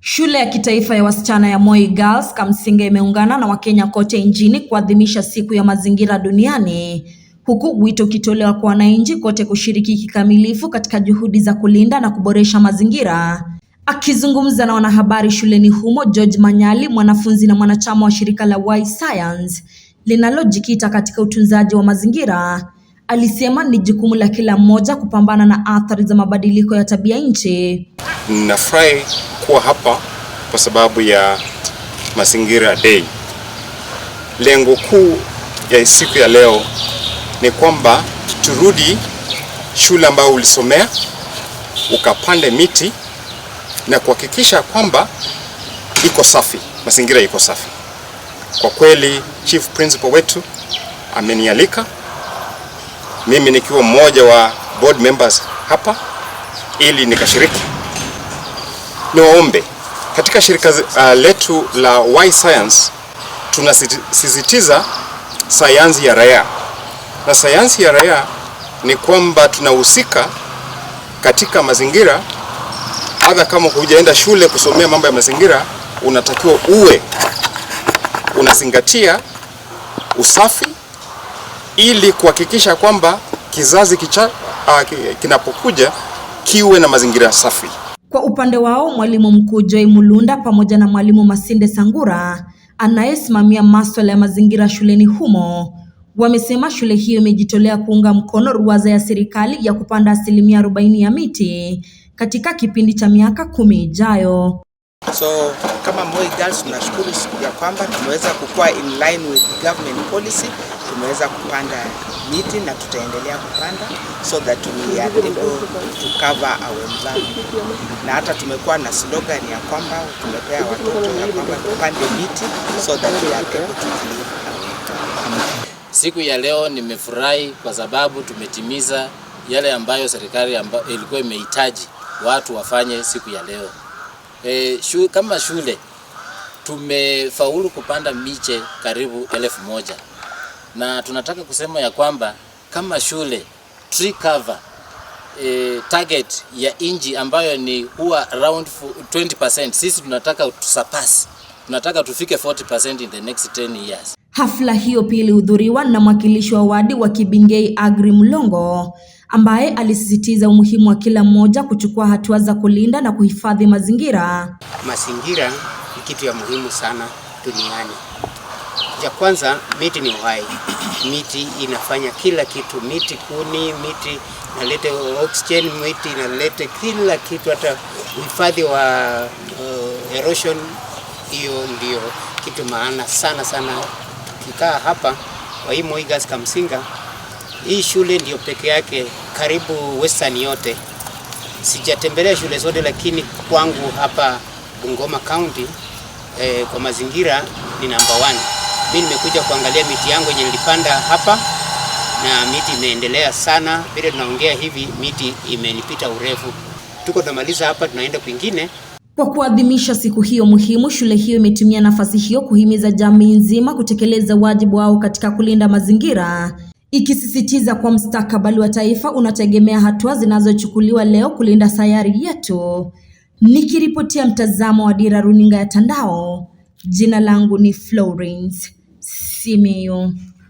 Shule ya kitaifa ya wasichana ya Moi Girls Kamsinga imeungana na Wakenya kote nchini kuadhimisha siku ya mazingira duniani, huku wito ukitolewa kwa wananchi kote kushiriki kikamilifu katika juhudi za kulinda na kuboresha mazingira. Akizungumza na wanahabari shuleni humo, George Manyali, mwanafunzi na mwanachama wa shirika la Y Science linalojikita katika utunzaji wa mazingira, alisema ni jukumu la kila mmoja kupambana na athari za mabadiliko ya tabia nchi. Nafurahi kuwa hapa kwa sababu ya mazingira day. Lengo kuu ya siku ya leo ni kwamba turudi shule ambayo ulisomea ukapande miti na kuhakikisha kwamba iko safi, mazingira iko safi. Kwa kweli chief principal wetu amenialika mimi nikiwa mmoja wa board members hapa ili nikashiriki niwaombe katika shirika uh, letu la Y Science tunasisitiza sayansi ya raia, na sayansi ya raia ni kwamba tunahusika katika mazingira. Hata kama hujaenda shule kusomea mambo ya mazingira, unatakiwa uwe unazingatia usafi ili kuhakikisha kwamba kizazi kicha, uh, kinapokuja kiwe na mazingira safi upande wao mwalimu mkuu Joy Mulunda pamoja na mwalimu Masinde Sangura anayesimamia masuala ya mazingira shuleni humo wamesema shule hiyo imejitolea kuunga mkono ruwaza ya serikali ya kupanda asilimia arobaini ya miti katika kipindi cha miaka kumi ijayo. So kama Moi Girls tunashukuru ya kwamba tumeweza kukua in line with government policy tumeweza kupanda miti na tutaendelea kupanda so that we are able to cover our environment. Na hata tumekuwa na slogan ya kwamba tumepea watoto ya kwamba tupande miti so that we are able to live. Siku ya leo nimefurahi kwa sababu tumetimiza yale ambayo serikali amba, ilikuwa imehitaji watu wafanye siku ya leo. E, shu, kama shule tumefaulu kupanda miche karibu elfu moja na tunataka kusema ya kwamba kama shule tree cover E, target ya inji ambayo ni huwa around 20%, sisi tunataka tusurpass, tunataka tufike 40% in the next 10 years. Hafla hiyo pia ilihudhuriwa na mwakilishi wa wadi wa Kibingei Agri Mlongo ambaye alisisitiza umuhimu wa kila mmoja kuchukua hatua za kulinda na kuhifadhi mazingira. Mazingira ni kitu ya muhimu sana duniani. Cha kwanza, miti ni uhai, miti inafanya kila kitu, miti kuni, miti inalete oxygen, miti inalete kila kitu, hata uhifadhi wa uh, erosion. Hiyo ndio kitu maana sana sana. Tukikaa hapa kwa hii Muigas Kamsinga, hii shule ndio peke yake karibu western yote. Sijatembelea shule zote, lakini kwangu hapa Bungoma County eh, kwa mazingira ni number 1 mimi nimekuja kuangalia miti yangu yenye nilipanda hapa na miti imeendelea sana. Vile tunaongea hivi, miti imenipita urefu. Tuko tunamaliza hapa, tunaenda kwingine. Kwa kuadhimisha siku hiyo muhimu, shule hiyo imetumia nafasi hiyo kuhimiza jamii nzima kutekeleza wajibu wao katika kulinda mazingira, ikisisitiza kwa mstakabali wa taifa unategemea hatua zinazochukuliwa leo kulinda sayari yetu. Nikiripotia mtazamo wa Dira Runinga ya Tandao, jina langu ni Florence Simeon